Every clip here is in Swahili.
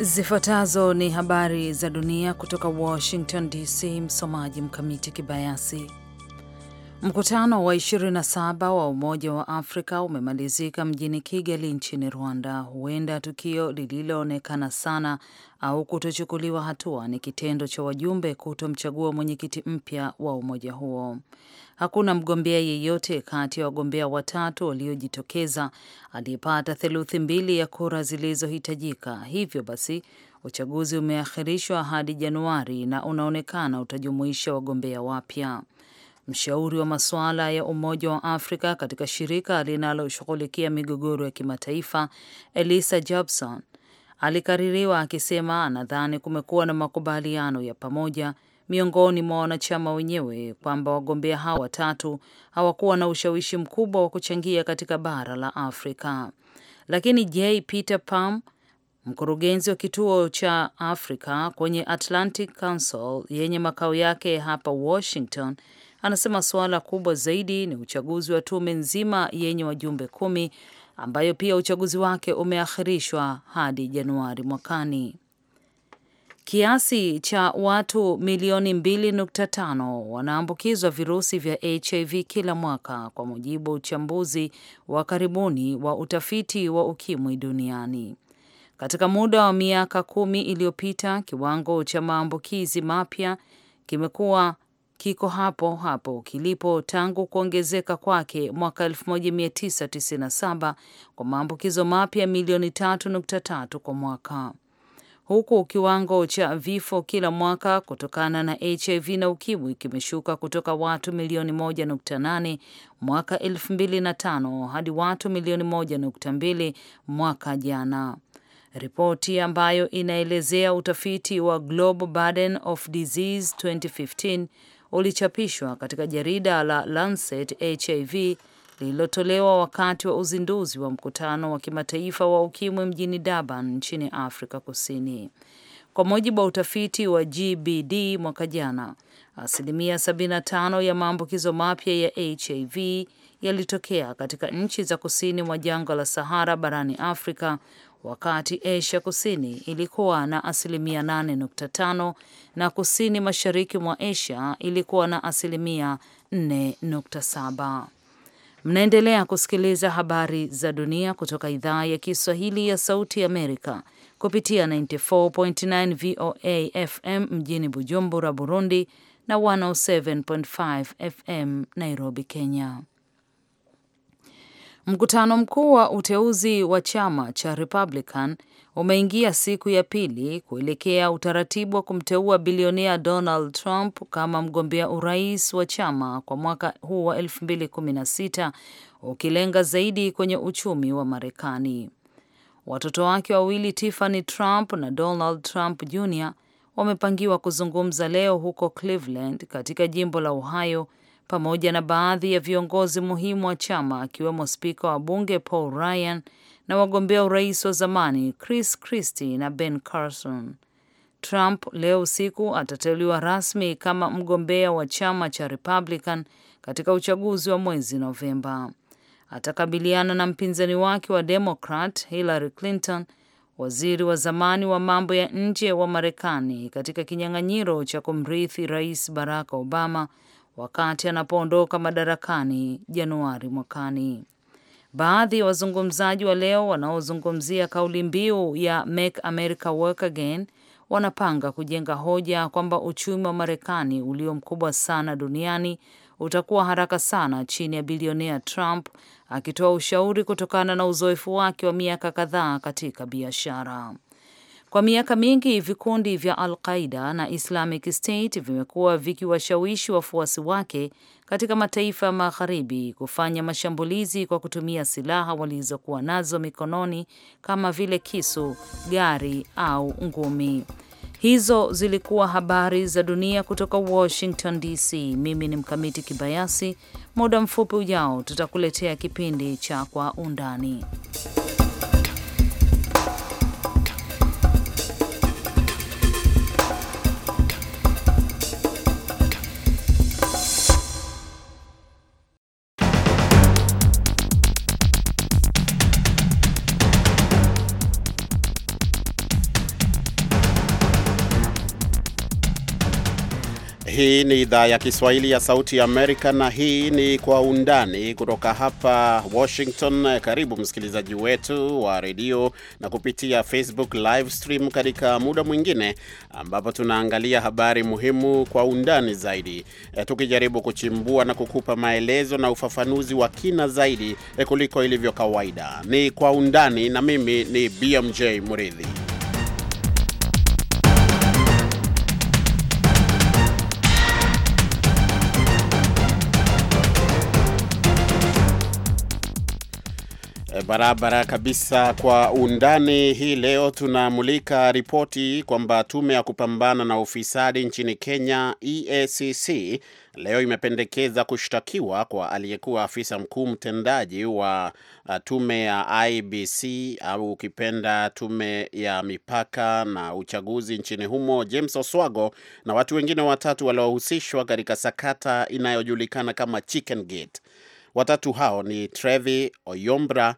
Zifuatazo ni habari za dunia kutoka Washington DC. Msomaji Mkamiti Kibayasi. Mkutano wa 27 wa Umoja wa Afrika umemalizika mjini Kigali nchini Rwanda. Huenda tukio lililoonekana sana au kutochukuliwa hatua ni kitendo cha wajumbe kutomchagua mwenyekiti mpya wa umoja huo. Hakuna mgombea yeyote kati ya wagombea watatu waliojitokeza aliyepata theluthi mbili ya kura zilizohitajika. Hivyo basi uchaguzi umeakhirishwa hadi Januari na unaonekana utajumuisha wagombea wapya. Mshauri wa masuala ya Umoja wa Afrika katika shirika linaloshughulikia migogoro ya kimataifa, Elisa Jobson, alikaririwa akisema anadhani kumekuwa na makubaliano ya pamoja miongoni mwa wanachama wenyewe kwamba wagombea hao watatu hawakuwa na ushawishi mkubwa wa kuchangia katika bara la Afrika. Lakini J Peter Pam, mkurugenzi wa kituo cha Afrika kwenye Atlantic Council yenye makao yake hapa Washington, Anasema suala kubwa zaidi ni uchaguzi wa tume nzima yenye wajumbe kumi ambayo pia uchaguzi wake umeakhirishwa hadi Januari mwakani. Kiasi cha watu milioni 2.5 wanaambukizwa virusi vya HIV kila mwaka kwa mujibu wa uchambuzi wa karibuni wa utafiti wa ukimwi duniani. Katika muda wa miaka kumi iliyopita, kiwango cha maambukizi mapya kimekuwa kiko hapo hapo kilipo tangu kuongezeka kwake mwaka 1997 kwa maambukizo mapya milioni 3.3 kwa mwaka, huku kiwango cha vifo kila mwaka kutokana na HIV na ukimwi kimeshuka kutoka watu milioni 1.8 mwaka 2005 hadi watu milioni 1.2 mwaka jana. Ripoti ambayo inaelezea utafiti wa Global Burden of Disease 2015 ulichapishwa katika jarida la Lancet HIV lililotolewa wakati wa uzinduzi wa mkutano wa kimataifa wa ukimwi mjini Durban nchini Afrika Kusini. Kwa mujibu wa utafiti wa GBD mwaka jana, asilimia 75 ya maambukizo mapya ya HIV yalitokea katika nchi za kusini mwa jangwa la Sahara barani Afrika, wakati Asia Kusini ilikuwa na asilimia 8.5 na kusini mashariki mwa Asia ilikuwa na asilimia 4.7. Mnaendelea kusikiliza habari za dunia kutoka idhaa ya Kiswahili ya Sauti Amerika kupitia 94.9 VOA FM mjini Bujumbura, Burundi na 107.5 FM Nairobi, Kenya. Mkutano mkuu wa uteuzi wa chama cha Republican umeingia siku ya pili kuelekea utaratibu wa kumteua bilionea Donald Trump kama mgombea urais wa chama kwa mwaka huu wa 2016 ukilenga zaidi kwenye uchumi wa Marekani. Watoto wake wawili Tiffany Trump na Donald Trump Jr wamepangiwa kuzungumza leo huko Cleveland katika jimbo la Ohio pamoja na baadhi ya viongozi muhimu wa chama akiwemo spika wa bunge Paul Ryan na wagombea urais wa zamani Chris Christie na Ben Carson. Trump leo usiku atateuliwa rasmi kama mgombea wa chama cha Republican katika uchaguzi wa mwezi Novemba. Atakabiliana na mpinzani wake wa Democrat Hillary Clinton, waziri wa zamani wa mambo ya nje wa Marekani, katika kinyang'anyiro cha kumrithi Rais Barack Obama wakati anapoondoka madarakani Januari mwakani. Baadhi ya wazungumzaji wa leo wanaozungumzia kauli mbiu ya Make America Work Again wanapanga kujenga hoja kwamba uchumi wa Marekani ulio mkubwa sana duniani utakuwa haraka sana chini ya bilionea Trump, akitoa ushauri kutokana na uzoefu wake wa miaka kadhaa katika biashara. Kwa miaka mingi vikundi vya Al Qaida na Islamic State vimekuwa vikiwashawishi wafuasi wake katika mataifa ya magharibi kufanya mashambulizi kwa kutumia silaha walizokuwa nazo mikononi kama vile kisu, gari au ngumi. Hizo zilikuwa habari za dunia kutoka Washington DC. Mimi ni Mkamiti Kibayasi. Muda mfupi ujao, tutakuletea kipindi cha Kwa Undani. Hii ni idhaa ya Kiswahili ya Sauti ya Amerika na hii ni Kwa Undani kutoka hapa Washington. Karibu msikilizaji wetu wa redio na kupitia Facebook live stream katika muda mwingine ambapo tunaangalia habari muhimu kwa undani zaidi, e, tukijaribu kuchimbua na kukupa maelezo na ufafanuzi wa kina zaidi e, kuliko ilivyo kawaida. Ni Kwa Undani na mimi ni BMJ mridhi Eh, barabara kabisa. Kwa undani hii leo tunamulika ripoti kwamba tume ya kupambana na ufisadi nchini Kenya, EACC, leo imependekeza kushtakiwa kwa aliyekuwa afisa mkuu mtendaji wa uh, tume ya IBC au ukipenda tume ya mipaka na uchaguzi nchini humo, James Oswago na watu wengine watatu waliohusishwa katika sakata inayojulikana kama Chicken Gate. Watatu hao ni Trevi Oyombra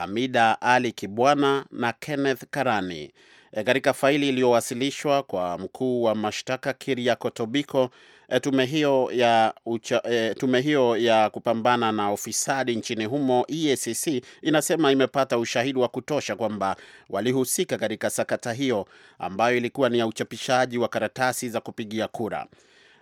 Hamida Ali Kibwana na Kenneth Karani. E, katika faili iliyowasilishwa kwa mkuu wa mashtaka Keriako Tobiko, e, tume hiyo ya ucha, e, tume hiyo ya kupambana na ufisadi nchini humo EACC inasema imepata ushahidi wa kutosha kwamba walihusika katika sakata hiyo ambayo ilikuwa ni ya uchapishaji wa karatasi za kupigia kura.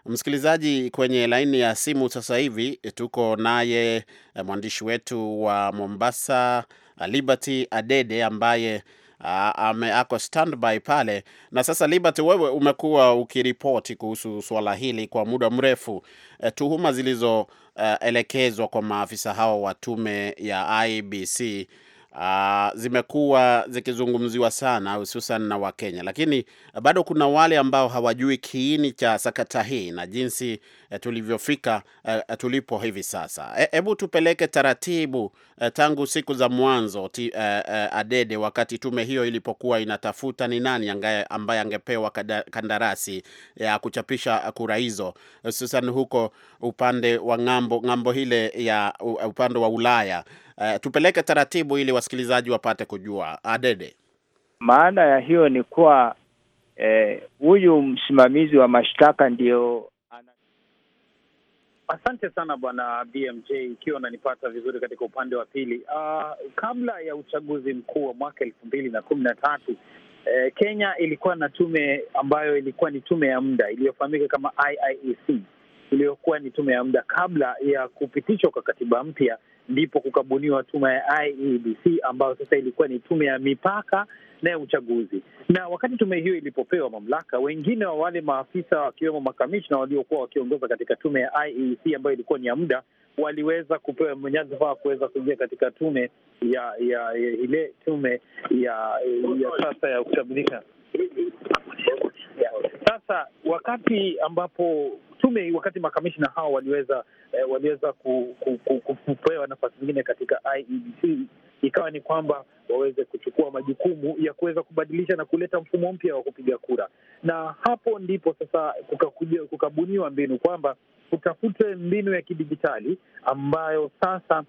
Msikilizaji, kwenye laini ya simu sasa hivi tuko naye e, mwandishi wetu wa Mombasa Uh, Liberty Adede ambaye uh, ame ako standby pale. Na sasa, Liberty, wewe umekuwa ukiripoti kuhusu swala hili kwa muda mrefu, eh, tuhuma zilizoelekezwa uh, kwa maafisa hao wa tume ya IBC Uh, zimekuwa zikizungumziwa sana hususan na Wakenya, lakini uh, bado kuna wale ambao hawajui kiini cha sakata hii na jinsi Eh, tulivyofika uh, tulipo hivi sasa. Hebu tupeleke taratibu uh, tangu siku za mwanzo ti, uh, uh, Adede, wakati tume hiyo ilipokuwa inatafuta ni nani ambaye angepewa kandarasi ya kuchapisha kura hizo, hususan huko upande wa ng'ambo ng'ambo hile ya upande wa Ulaya. Uh, tupeleke taratibu ili wasikilizaji wapate kujua Adede. Maana ya hiyo ni kuwa huyu eh, msimamizi wa mashtaka ndio Asante sana bwana BMJ, ikiwa unanipata vizuri katika upande wa pili. Uh, kabla ya uchaguzi mkuu wa mwaka elfu mbili na kumi na tatu eh, Kenya ilikuwa na tume ambayo ilikuwa ni tume ya muda iliyofahamika kama IIEC iliyokuwa ni tume ya muda kabla ya kupitishwa kwa katiba mpya, ndipo kukabuniwa tume ya IEBC ambayo sasa ilikuwa ni tume ya mipaka na ya uchaguzi. Na wakati tume hiyo ilipopewa mamlaka, wengine wa wale maafisa wakiwemo makamishna waliokuwa wakiongoza katika tume ya IEC ambayo ilikuwa ni ya muda waliweza kupewa mnyadhifa wa kuweza kuingia katika tume ya ya, ya ile tume ya ya sasa ya kukamilika sasa wakati ambapo tume wakati makamishna hao waliweza eh, waliweza kupewa nafasi zingine katika IEC ikawa ni kwamba waweze kuchukua majukumu ya kuweza kubadilisha na kuleta mfumo mpya wa kupiga kura, na hapo ndipo sasa kukabuniwa mbinu kwamba kutafutwe mbinu ya kidijitali ambayo sasa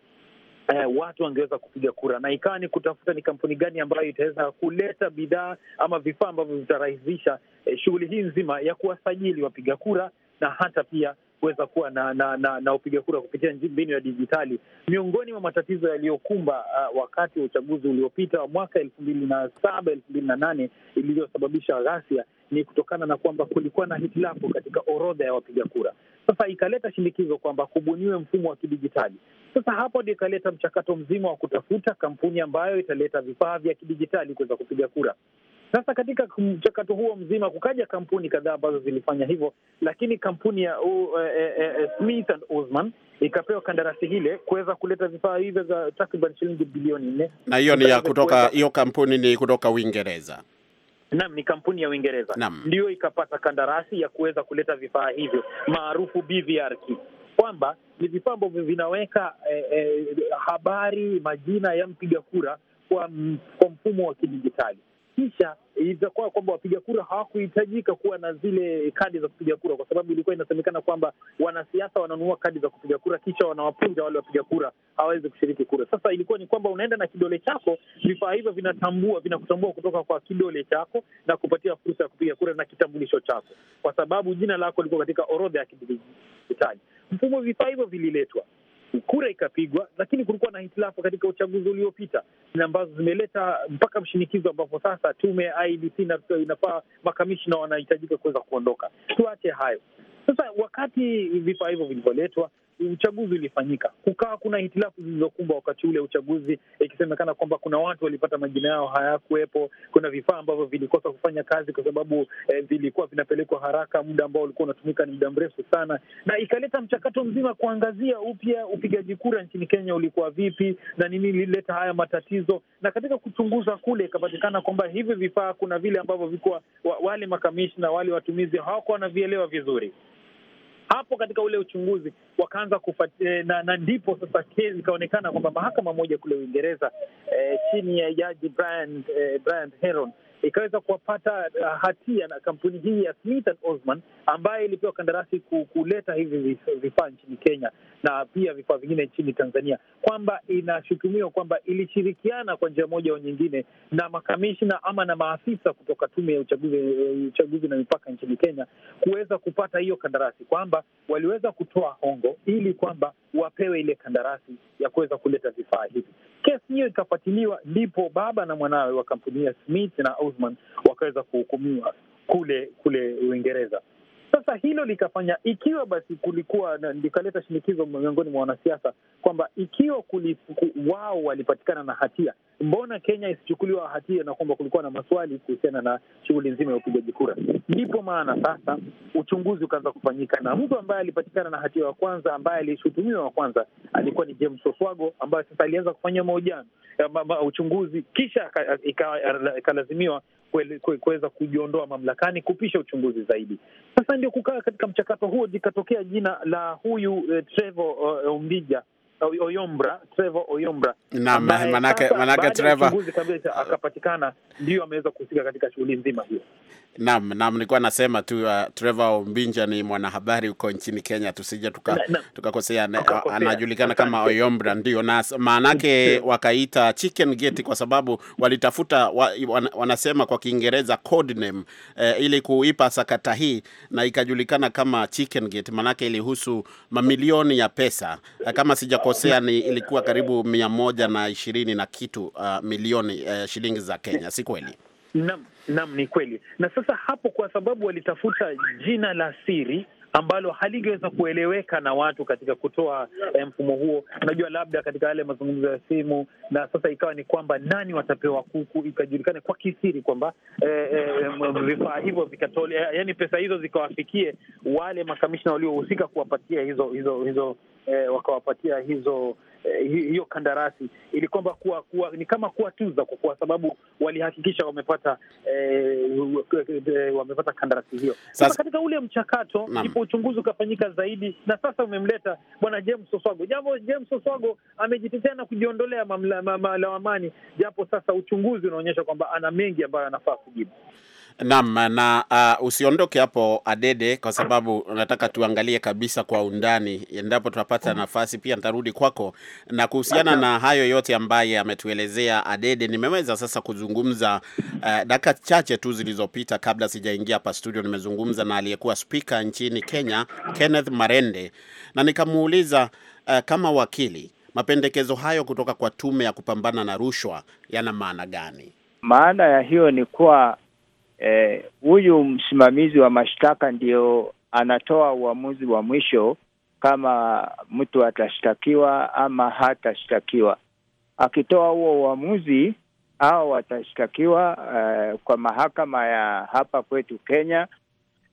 Eh, watu wangeweza kupiga kura na ikawa ni kutafuta ni kampuni gani ambayo itaweza kuleta bidhaa ama vifaa ambavyo vitarahisisha eh, shughuli hii nzima ya kuwasajili wapiga kura na hata pia kuweza kuwa na na, na, na upiga kura kupitia mbinu ya dijitali. Miongoni mwa matatizo yaliyokumba uh, wakati wa uchaguzi uliopita wa mwaka elfu mbili na saba elfu mbili na nane iliyosababisha ghasia ni kutokana na kwamba kulikuwa na hitilafu katika orodha ya wapiga kura. Sasa ikaleta shinikizo kwamba kubuniwe mfumo wa kidijitali. Sasa hapo ndio ikaleta mchakato mzima wa kutafuta kampuni ambayo italeta vifaa vya kidijitali kuweza kupiga kura. Sasa katika mchakato huo mzima kukaja kampuni kadhaa ambazo zilifanya hivyo, lakini kampuni ya uh, uh, uh, Smith and ikapewa kandarasi hile kuweza kuleta vifaa hivyo za takriban shilingi bilioni nne, na hiyo ni ya kutoka hiyo kampuni ni kutoka Uingereza. Naam, ni kampuni ya Uingereza ndiyo ikapata kandarasi ya kuweza kuleta vifaa hivyo maarufu BVR kwamba ni vifaa ambavyo vinaweka eh, eh, habari majina ya mpiga kura kwa mfumo wa kidijitali kisha itakuwa kwamba wapiga kura hawakuhitajika kuwa na zile kadi za kupiga kura, kwa sababu ilikuwa inasemekana kwamba wanasiasa wananunua kadi za kupiga kura, kisha wanawapunja wale wapiga kura, hawawezi kushiriki kura. Sasa ilikuwa ni kwamba unaenda na kidole chako, vifaa hivyo vinatambua, vinakutambua kutoka kwa kidole chako na kupatia fursa ya kupiga kura na kitambulisho chako, kwa sababu jina lako liko katika orodha ya kidijitali. Mfumo vifaa hivyo vililetwa kura ikapigwa, lakini kulikuwa na hitilafu katika uchaguzi uliopita na ambazo zimeleta mpaka mshinikizo ambapo sasa tume ya IEBC inafaa makamishna wanahitajika kuweza kuondoka. Tuache hayo, sasa wakati vifaa hivyo vilivyoletwa, uchaguzi ulifanyika, kukawa kuna hitilafu zilizokumbwa wakati ule uchaguzi, ikisemekana kwamba kuna watu walipata majina yao hayakuwepo, kuna vifaa ambavyo vilikosa kufanya kazi kwa sababu eh, vilikuwa vinapelekwa haraka, muda ambao ulikuwa unatumika ni muda mrefu sana, na ikaleta mchakato mzima kuangazia upya upigaji kura nchini Kenya ulikuwa vipi na nini lilileta haya matatizo. Na katika kuchunguza kule, ikapatikana kwamba hivi vifaa kuna vile ambavyo vikuwa wale makamishna wale watumizi hawakuwa wanavielewa vizuri hapo katika ule uchunguzi wakaanza kufuatilia eh, na, na ndipo sasa kesi ikaonekana kwamba mahakama moja kule Uingereza eh, chini ya jaji Brian, eh, Brian Heron ikaweza kuwapata uh, hatia na kampuni hii ya Smith and Osman ambaye ilipewa kandarasi kuleta hivi vifaa nchini Kenya na pia vifaa vingine nchini Tanzania, kwamba inashutumiwa kwamba ilishirikiana kwa njia moja au nyingine na makamishna ama na maafisa kutoka tume ya uchaguzi, eh, uchaguzi na mipaka nchini Kenya kuweza kupata hiyo kandarasi, kwamba waliweza kutoa hongo ili kwamba wapewe ile kandarasi ya kuweza kuleta vifaa hivi. Kesi hiyo ikafuatiliwa, ndipo baba na mwanawe wa kampuni ya Smith na Osman wakaweza kuhukumiwa kule kule Uingereza. Sasa hilo likafanya ikiwa basi kulikuwa likaleta shinikizo miongoni mwa wanasiasa kwamba ikiwa wao walipatikana na hatia, mbona Kenya isichukuliwa hatia, na kwamba kulikuwa na maswali kuhusiana na shughuli nzima ya upigaji kura. Ndipo maana sasa uchunguzi ukaanza kufanyika, na mtu ambaye alipatikana na hatia wa kwanza, ambaye alishutumiwa wa kwanza alikuwa ni James Oswago, ambaye sasa alianza kufanyia mahojiano, uchunguzi, kisha ikalazimiwa kuweza kujiondoa mamlakani, kupisha uchunguzi zaidi. Sasa ndio kukaa katika mchakato huo, likatokea jina la huyu eh, Trevor uh, eh, Umbija Oyombra, Trevor Oyombra. Naam, manake manake Trevor akapatikana, ndio ameweza kuhusika katika shughuli nzima hiyo. Naam, naam, nilikuwa nasema tu uh, Trevor Ombinja ni mwanahabari huko nchini Kenya, tusije tukakosea tuka anajulikana kama Oyombra, ndio na maanake wakaita chicken gate kwa sababu walitafuta wa, wan, wanasema kwa Kiingereza code name eh, ili kuipa sakata hii na ikajulikana kama chicken gate, maanake ilihusu mamilioni ya pesa eh, kama sijakosea, ni ilikuwa karibu mia moja na ishirini na kitu uh, milioni eh, shilingi za Kenya, si kweli? Naam. Naam, ni kweli. Na sasa hapo, kwa sababu walitafuta jina la siri ambalo halingeweza kueleweka na watu katika kutoa eh, mfumo huo, unajua, labda katika yale mazungumzo ya simu. Na sasa ikawa ni kwamba nani watapewa kuku, ikajulikana kwa kisiri kwamba eh, eh, vifaa hivyo vikatole, eh, yani pesa hizo zikawafikie wale makamishna waliohusika kuwapatia hizo hizo hizo eh, wakawapatia hizo eh, hiyo kandarasi ili kwamba kuwa, kuwa, ni kama kuwa tuza kwa sababu walihakikisha wamepata eh, wamepata kandarasi hiyo. Sasa katika ule mchakato ndipo uchunguzi ukafanyika zaidi, na sasa umemleta bwana James Oswago. Japo James Oswago amejitetea na kujiondolea malawamani, japo sasa uchunguzi unaonyesha kwamba ana mengi ambayo anafaa kujibu. Naam, na uh, usiondoke hapo Adede, kwa sababu nataka tuangalie kabisa kwa undani. Endapo tutapata nafasi, pia nitarudi kwako na kuhusiana na hayo yote ambaye ametuelezea Adede. Nimeweza sasa kuzungumza uh, dakika chache tu zilizopita, kabla sijaingia hapa studio, nimezungumza na aliyekuwa spika nchini Kenya Kenneth Marende, na nikamuuliza uh, kama wakili, mapendekezo hayo kutoka kwa tume ya kupambana na rushwa yana maana gani? Maana ya hiyo ni kuwa Eh, huyu msimamizi wa mashtaka ndio anatoa uamuzi wa mwisho kama mtu atashtakiwa ama hatashtakiwa. Akitoa huo uamuzi au watashtakiwa uh, kwa mahakama ya hapa kwetu Kenya,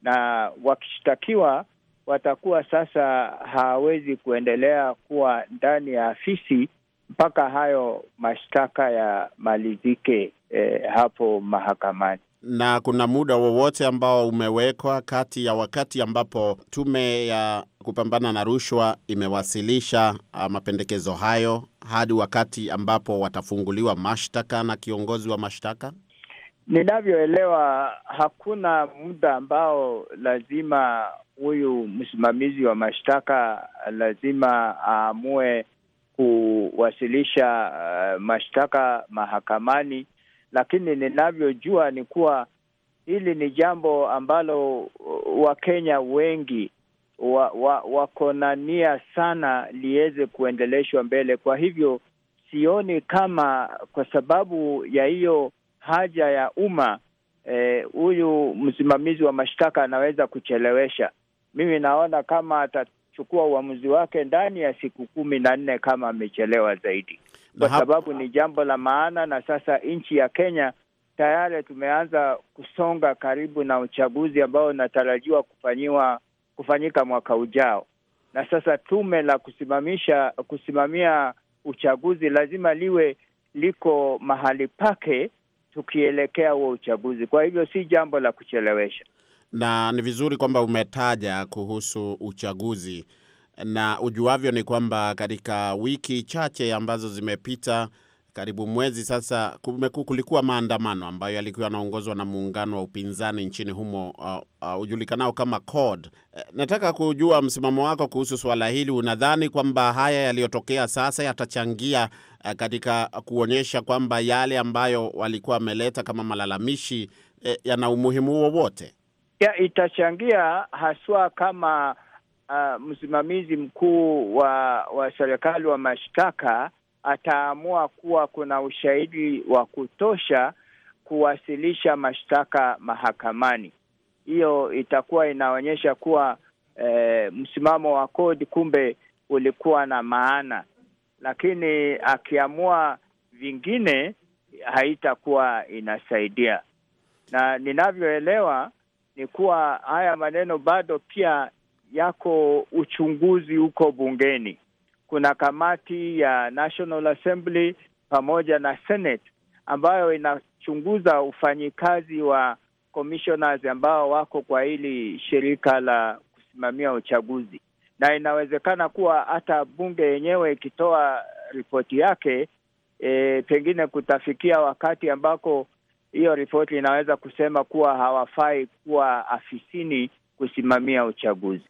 na wakishtakiwa watakuwa sasa hawawezi kuendelea kuwa ndani ya afisi mpaka hayo mashtaka yamalizike eh, hapo mahakamani na kuna muda wowote ambao umewekwa kati ya wakati ambapo tume ya kupambana na rushwa imewasilisha ah, mapendekezo hayo hadi wakati ambapo watafunguliwa mashtaka na kiongozi wa mashtaka? Ninavyoelewa, hakuna muda ambao lazima huyu msimamizi wa mashtaka ah, lazima aamue kuwasilisha uh, mashtaka mahakamani lakini ninavyojua ni kuwa hili ni jambo ambalo uh, Wakenya wengi wako wa, wako na nia sana liweze kuendeleshwa mbele. Kwa hivyo sioni kama kwa sababu ya hiyo haja ya umma eh, huyu eh, msimamizi wa mashtaka anaweza kuchelewesha. Mimi naona kama atachukua uamuzi wake ndani ya siku kumi na nne kama amechelewa zaidi kwa sababu ni jambo la maana, na sasa nchi ya Kenya tayari tumeanza kusonga karibu na uchaguzi ambao unatarajiwa kufanyiwa kufanyika mwaka ujao, na sasa tume la kusimamisha kusimamia uchaguzi lazima liwe liko mahali pake tukielekea huo uchaguzi. Kwa hivyo si jambo la kuchelewesha, na ni vizuri kwamba umetaja kuhusu uchaguzi na ujuavyo ni kwamba katika wiki chache ambazo zimepita karibu mwezi sasa, kulikuwa maandamano ambayo yalikuwa yanaongozwa na muungano wa upinzani nchini humo uh, uh, ujulikanao kama CORD. Uh, nataka kujua msimamo wako kuhusu suala hili. Unadhani kwamba haya yaliyotokea sasa yatachangia uh, katika kuonyesha kwamba yale ambayo walikuwa wameleta kama malalamishi uh, yana umuhimu wowote? Ya, itachangia haswa kama uh, msimamizi mkuu wa, wa serikali wa mashtaka ataamua kuwa kuna ushahidi wa kutosha kuwasilisha mashtaka mahakamani. Hiyo itakuwa inaonyesha kuwa eh, msimamo wa kodi kumbe ulikuwa na maana, lakini akiamua vingine haitakuwa inasaidia, na ninavyoelewa ni kuwa haya maneno bado pia yako uchunguzi huko bungeni. Kuna kamati ya National Assembly pamoja na Senate ambayo inachunguza ufanyikazi wa commissioners ambao wako kwa hili shirika la kusimamia uchaguzi, na inawezekana kuwa hata bunge yenyewe ikitoa ripoti yake e, pengine kutafikia wakati ambako hiyo ripoti inaweza kusema kuwa hawafai kuwa afisini kusimamia uchaguzi.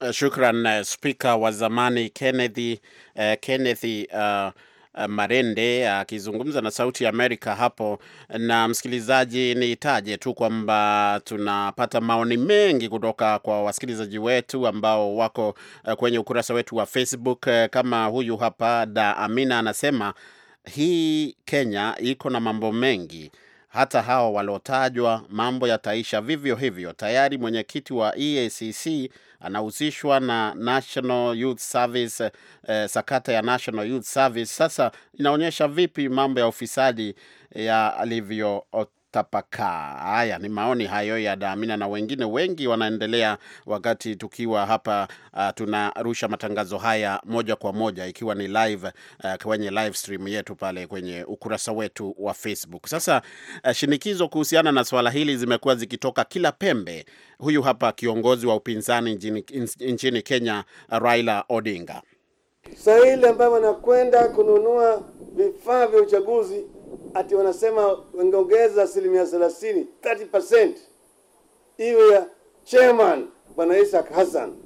Uh, shukran uh, spika wa zamani Kenneth, uh, Kenneth uh, uh, Marende akizungumza na Sauti ya Amerika hapo. Na msikilizaji, niitaje tu kwamba tunapata maoni mengi kutoka kwa wasikilizaji wetu ambao wako kwenye ukurasa wetu wa Facebook, kama huyu hapa Da Amina anasema hii Kenya iko na mambo mengi hata hawa waliotajwa mambo yataisha vivyo hivyo. Tayari mwenyekiti wa EACC anahusishwa na National Youth Service eh, sakata ya National Youth Service. Sasa inaonyesha vipi mambo ya ufisadi yalivyo kutapakaa. Haya ni maoni hayo ya Damina na wengine wengi wanaendelea, wakati tukiwa hapa uh, tunarusha matangazo haya moja kwa moja, ikiwa ni live uh, kwenye live stream yetu pale kwenye ukurasa wetu wa Facebook. Sasa uh, shinikizo kuhusiana na swala hili zimekuwa zikitoka kila pembe. Huyu hapa kiongozi wa upinzani nchini, nchini Kenya uh, Raila Odinga. Sahili ambayo wanakwenda kununua vifaa vya uchaguzi ati wanasema wangeongeza asilimia 30 iwe ya chairman bwana Isaac Hassan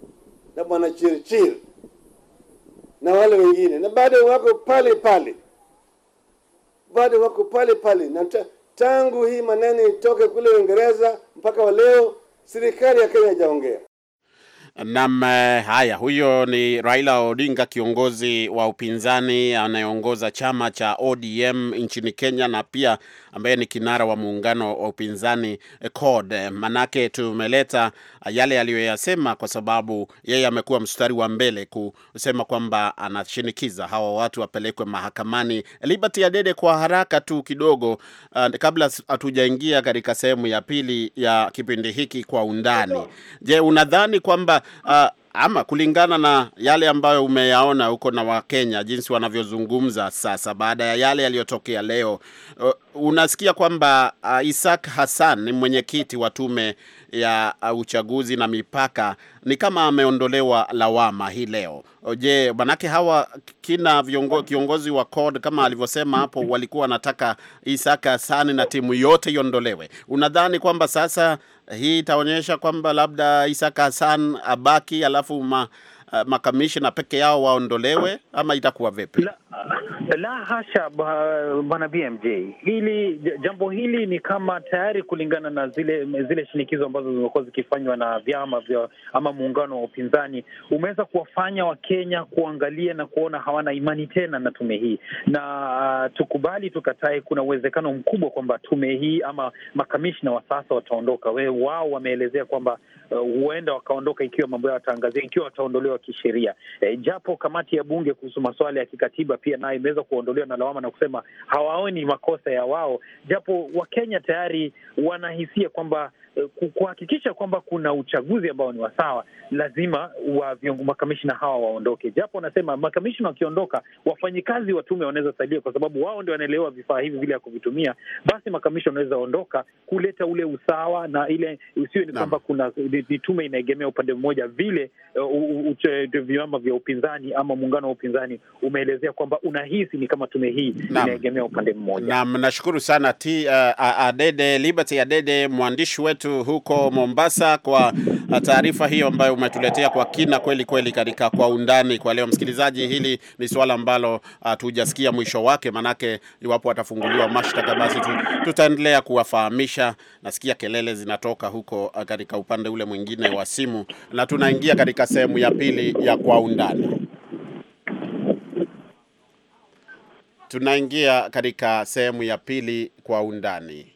na bwana Chirchir na wale wengine, na bado wako pale pale, bado wako pale pale. Na tangu hii maneno itoke kule Uingereza mpaka wa leo serikali ya Kenya haijaongea. Naam, eh, haya, huyo ni Raila Odinga, kiongozi wa upinzani anayeongoza chama cha ODM nchini Kenya, na pia ambaye ni kinara wa muungano wa upinzani eh, CORD. Manake tumeleta eh, yale aliyoyasema, kwa sababu yeye amekuwa mstari wa mbele kusema kwamba anashinikiza hawa watu wapelekwe mahakamani. Liberty Adede, kwa haraka tu kidogo, uh, kabla hatujaingia katika sehemu ya pili ya kipindi hiki kwa undani, je, unadhani kwamba uh, ama kulingana na yale ambayo umeyaona huko na Wakenya jinsi wanavyozungumza sasa baada ya yale yaliyotokea leo, uh, unasikia kwamba uh, Isaac Hassan ni mwenyekiti wa tume ya uh, uchaguzi na mipaka ni kama ameondolewa lawama hii leo. Je, manake hawa kina viongo, kiongozi wa CORD kama alivyosema hapo walikuwa wanataka Isaka Sani na timu yote iondolewe. Unadhani kwamba sasa hii itaonyesha kwamba labda Isaka Hassan abaki alafu ma, uh, peke yao waondolewe ama itakuwa vipi? La, la hasha, bwana BMJ, hili jambo hili ni kama tayari, kulingana na zile zile shinikizo ambazo zimekuwa zikifanywa na vyama vya ama muungano wa upinzani, umeweza kuwafanya Wakenya kuangalia na kuona hawana imani tena na tume hii, na ah, tukubali tukatae, kuna uwezekano mkubwa kwamba tume hii ama makamishna wa sasa wataondoka. We wao wameelezea kwamba uh, huenda uh, wakaondoka ikiwa mambo yao wataangazia, ikiwa wataondolewa kisheria. E, japo kamati ya bunge kuhusu masuala ya kikatiba pia naye imeweza kuondolewa na lawama na kusema hawaoni makosa ya wao, japo Wakenya tayari wanahisia kwamba Eh, kuhakikisha kwamba kuna uchaguzi ambao ni wasawa, lazima wa makamishina hawa waondoke. Japo wanasema makamishina wakiondoka, wafanyikazi wa tume wanaweza saidia, kwa sababu wao ndio wanaelewa vifaa hivi vile ya kuvitumia. Basi makamishina wanaweza ondoka, kuleta ule usawa na ile usiwe ni kwamba kuna ni tume inaegemea upande mmoja, vile eh, vyama vya upinzani ama muungano wa upinzani umeelezea kwamba unahisi ni kama tume hii inaegemea upande mmoja. Naam, nashukuru sana ti, uh, eh, Adede Liberty Adede, mwandishi wetu wetu huko Mombasa kwa taarifa hiyo ambayo umetuletea kwa kina kweli kweli katika kwa undani kwa leo. Msikilizaji, hili ni suala ambalo ah, hatujasikia mwisho wake, manake iwapo atafunguliwa mashtaka basi tutaendelea kuwafahamisha. Nasikia kelele zinatoka huko ah, katika upande ule mwingine wa simu, na tunaingia katika sehemu ya pili ya kwa undani. Tunaingia katika sehemu ya pili kwa undani.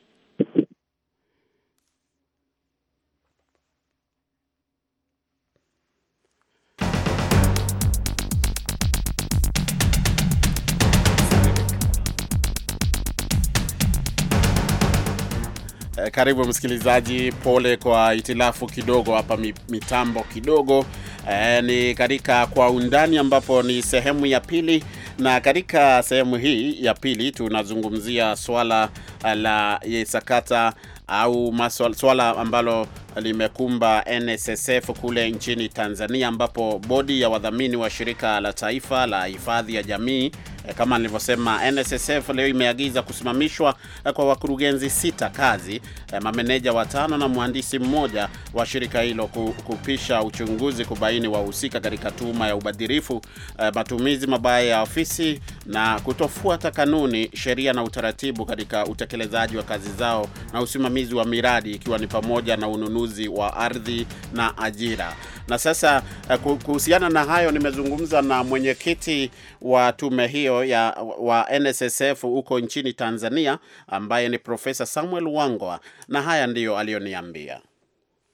Eh, karibu msikilizaji, pole kwa itilafu kidogo hapa mitambo kidogo. E, ni katika kwa undani ambapo ni sehemu ya pili, na katika sehemu hii ya pili tunazungumzia swala eh, la sakata au maswala, swala ambalo limekumba NSSF kule nchini Tanzania ambapo bodi ya wadhamini wa shirika la taifa la hifadhi ya jamii kama nilivyosema, NSSF leo imeagiza kusimamishwa kwa wakurugenzi sita kazi, eh, mameneja watano na mhandisi mmoja wa shirika hilo kupisha uchunguzi kubaini wahusika katika tuhuma ya ubadhirifu, eh, matumizi mabaya ya ofisi na kutofuata kanuni, sheria na utaratibu katika utekelezaji wa kazi zao na usimamizi wa miradi ikiwa ni pamoja na ununuzi wa ardhi na ajira. Na sasa eh, kuhusiana na hayo, nimezungumza na mwenyekiti wa tume hiyo ya wa NSSF huko nchini Tanzania ambaye ni Profesa Samuel Wangwa, na haya ndiyo aliyoniambia.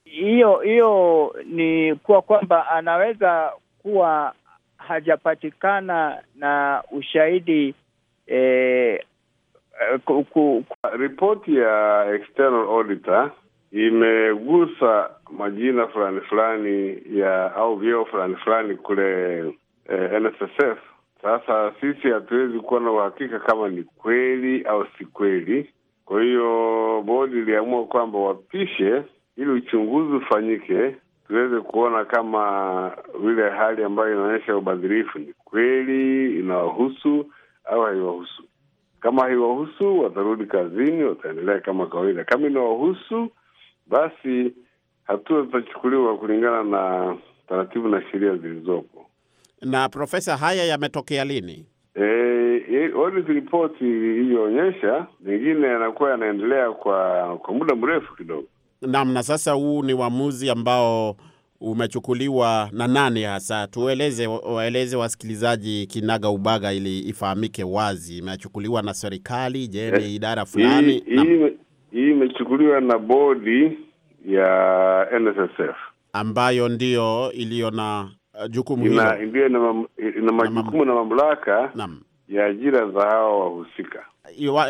Hiyo hiyo ni kuwa kwamba anaweza kuwa hajapatikana na ushahidi eh, eh ripoti ya external auditor imegusa majina fulani fulani ya au vyeo fulani fulani kule eh, NSSF. Sasa sisi hatuwezi kuwa na uhakika kama ni kweli au si kweli. Kwa hiyo bodi iliamua kwamba wapishe ili uchunguzi ufanyike tuweze kuona kama vile hali ambayo inaonyesha ubadhirifu ni kweli inawahusu au haiwahusu. Kama haiwahusu, watarudi kazini, wataendelea kama kawaida. Kama inawahusu, basi hatua zitachukuliwa kulingana na taratibu na sheria zilizopo. Na Profesa, haya yametokea lini? E, e audit ripoti iliyoonyesha mengine yanakuwa yanaendelea kwa kwa muda mrefu kidogo. Naam, na sasa huu ni uamuzi ambao umechukuliwa na nani hasa? Tueleze, waeleze wasikilizaji kinaga ubaga, ili ifahamike wazi. Imechukuliwa na serikali? Je, ni eh, idara fulani? Hii imechukuliwa na bodi ya NSSF ambayo ndiyo iliyo na eh, jukumu hilo, ndio ina majukumu na mamlaka naam ya ajira za hao wahusika.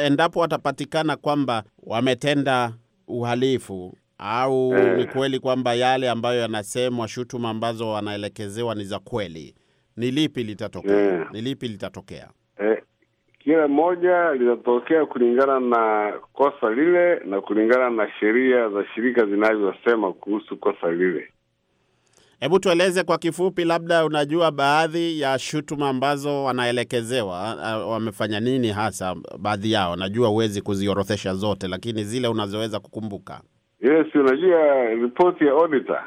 Endapo watapatikana kwamba wametenda uhalifu au eh. ni kweli kwamba yale ambayo yanasemwa, shutuma ambazo wanaelekezewa ni za kweli? Ni lipi litatokea? Eh. ni lipi litatokea? Eh, kila moja litatokea kulingana na kosa lile na kulingana na sheria za shirika zinazosema kuhusu kosa lile. Hebu tueleze kwa kifupi, labda unajua baadhi ya shutuma ambazo wanaelekezewa, wamefanya nini hasa? Baadhi yao najua huwezi kuziorodhesha zote, lakini zile unazoweza kukumbuka. Yes, unajua ripoti ya auditor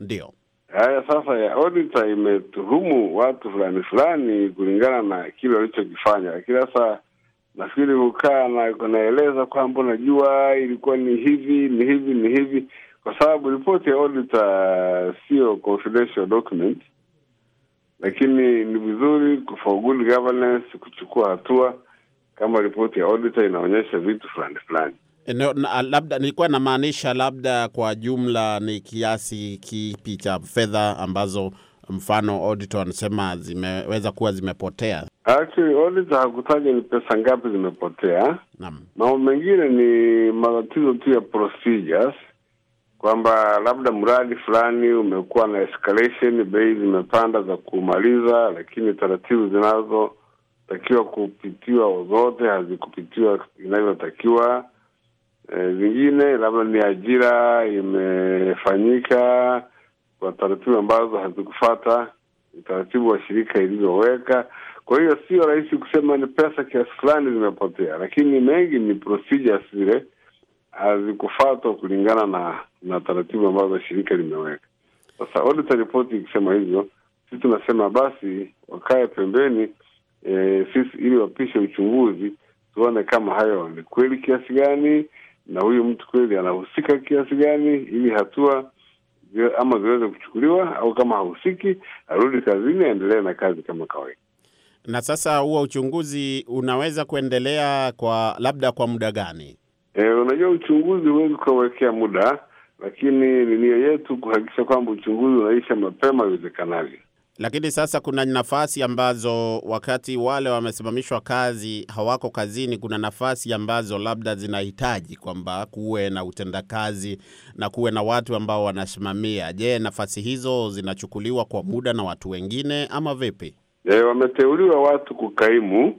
ndio haya sasa ya auditor imetuhumu watu fulani fulani kulingana na kile walichokifanya, lakini sasa nafikiri hukaa na kunaeleza kwamba unajua ilikuwa ni hivi ni hivi ni hivi, kwa sababu ripoti ya auditor sio confidential document, lakini ni vizuri for good governance kuchukua hatua kama ripoti ya auditor inaonyesha vitu fulani fulani. Eneo, na, labda nilikuwa namaanisha labda kwa jumla ni kiasi kipi cha fedha ambazo mfano auditor anasema zimeweza kuwa zimepotea. Actually auditor hakutaja ni pesa ngapi zimepotea. Naam, mambo mengine ni matatizo tu ya procedures, kwamba labda mradi fulani umekuwa na escalation, bei zimepanda za kumaliza, lakini taratibu zinazotakiwa kupitiwa zote hazikupitiwa inavyotakiwa vingine eh, labda ni ajira imefanyika kwa taratibu ambazo hazikufata utaratibu wa shirika ilivyoweka. Kwa hiyo sio rahisi kusema ni pesa kiasi fulani zimepotea, lakini mengi ni procedures zile hazikufatwa kulingana na na taratibu ambazo shirika limeweka. Sasa ripoti ikisema hivyo, sisi tunasema basi wakae pembeni e, sisi ili wapishe uchunguzi tuone kama hayo ni kweli kiasi gani na huyu mtu kweli anahusika kiasi gani, ili hatua ama ziweze kuchukuliwa, au kama hahusiki arudi kazini, aendelee na kazi kama kawaida. Na sasa huo uchunguzi unaweza kuendelea kwa labda kwa muda gani? E, unajua uchunguzi huwezi kuwekea muda, lakini ni nia yetu kuhakikisha kwamba uchunguzi unaisha mapema iwezekanavyo. Lakini sasa kuna nafasi ambazo wakati wale wamesimamishwa kazi hawako kazini, kuna nafasi ambazo labda zinahitaji kwamba kuwe na utendakazi na kuwe na watu ambao wanasimamia. Je, nafasi hizo zinachukuliwa kwa muda na watu wengine ama vipi? E, wameteuliwa watu kukaimu,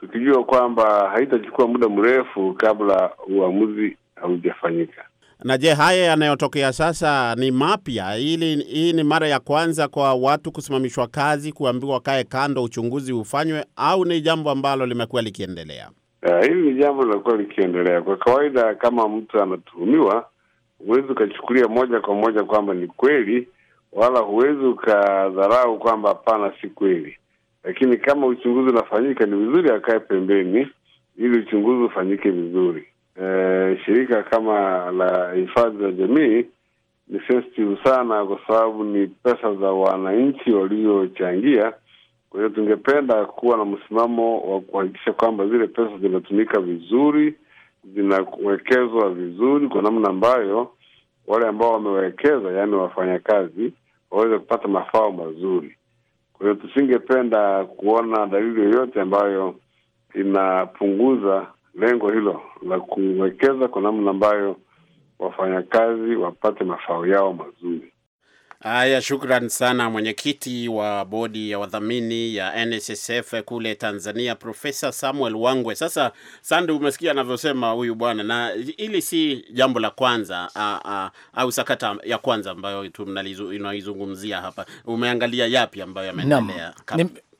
tukijua kwamba haitachukua muda mrefu kabla uamuzi haujafanyika. Na je, haya yanayotokea sasa ni mapya? Hili hii ni mara ya kwanza kwa watu kusimamishwa kazi, kuambiwa kae kando, uchunguzi ufanywe, au ni jambo ambalo limekuwa likiendelea? Uh, hili ni jambo limekuwa likiendelea kwa kawaida. Kama mtu anatuhumiwa, huwezi ukachukulia moja kwa moja kwamba ni kweli, wala huwezi ukadharau kwamba hapana, si kweli. Lakini kama uchunguzi unafanyika, ni vizuri akae pembeni ili uchunguzi ufanyike vizuri eh, shirika kama la hifadhi za jamii ni sensitive sana, kwa sababu ni pesa za wananchi waliochangia. Kwa hiyo tungependa kuwa na msimamo wa kuhakikisha kwamba zile pesa zinatumika vizuri, zinawekezwa vizuri kwa namna ambayo wale ambao wamewekeza, yaani wafanyakazi, waweze kupata mafao mazuri. Kwa hiyo tusingependa kuona dalili yoyote ambayo inapunguza lengo hilo la kuwekeza kwa namna ambayo wafanyakazi wapate mafao yao mazuri. Haya, shukran sana mwenyekiti wa bodi ya wadhamini ya NSSF kule Tanzania, Profesa Samuel Wangwe. Sasa Sandi, umesikia anavyosema huyu bwana, na hili si jambo la kwanza a, a, au sakata ya kwanza ambayo tunaizungumzia hapa. Umeangalia yapi ambayo yameendelea?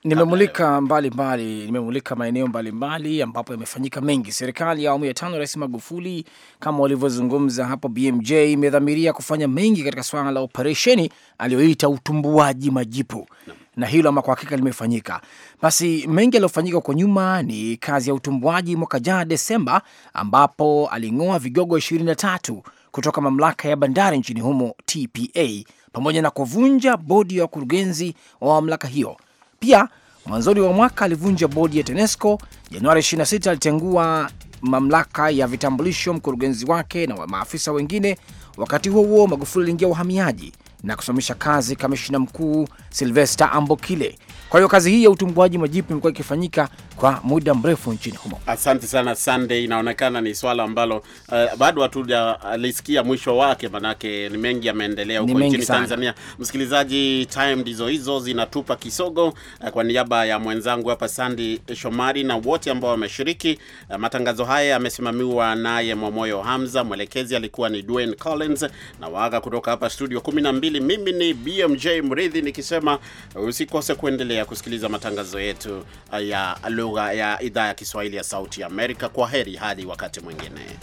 nimemulika mbalimbali, nimemulika maeneo mbalimbali ambapo yamefanyika mengi. Serikali ya awamu ya tano, Rais Magufuli, kama walivyozungumza hapo BMJ, imedhamiria kufanya mengi katika swala la operesheni aliyoita utumbuaji majipu na hilo ama kwa hakika limefanyika. Basi mengi yaliyofanyika huko nyuma ni kazi ya utumbuaji mwaka jana Desemba, ambapo aling'oa vigogo ishirini na tatu kutoka mamlaka ya bandari nchini humo TPA, pamoja na kuvunja bodi ya wakurugenzi wa mamlaka hiyo pia mwanzoni wa mwaka alivunja bodi ya TANESCO. Januari 26 alitengua mamlaka ya vitambulisho, mkurugenzi wake na maafisa wengine. Wakati huo huo, Magufuli aliingia uhamiaji na kusimamisha kazi kamishina mkuu Silvesta Ambokile. Kwa hiyo kazi hii ya utumbuaji majipu imekuwa ikifanyika kwa muda mrefu nchini humo. Asante sana Sunday, inaonekana ni swala ambalo uh, bado hatujalisikia mwisho wake, manake ni mengi yameendelea huko nchini Tanzania. Msikilizaji, time ndizo hizo zinatupa kisogo. Uh, kwa niaba ya mwenzangu hapa Sandy Shomari na wote ambao wameshiriki uh, matangazo haya yamesimamiwa naye Mwamoyo Hamza, mwelekezi alikuwa ni Dwayne Collins na waaga kutoka hapa studio 12 Kiswahili. Mimi ni BMJ Mridhi nikisema usikose kuendelea kusikiliza matangazo yetu uh, ya lugha ya idhaa ya Kiswahili ya Sauti ya Amerika. Kwa heri hadi wakati mwingine.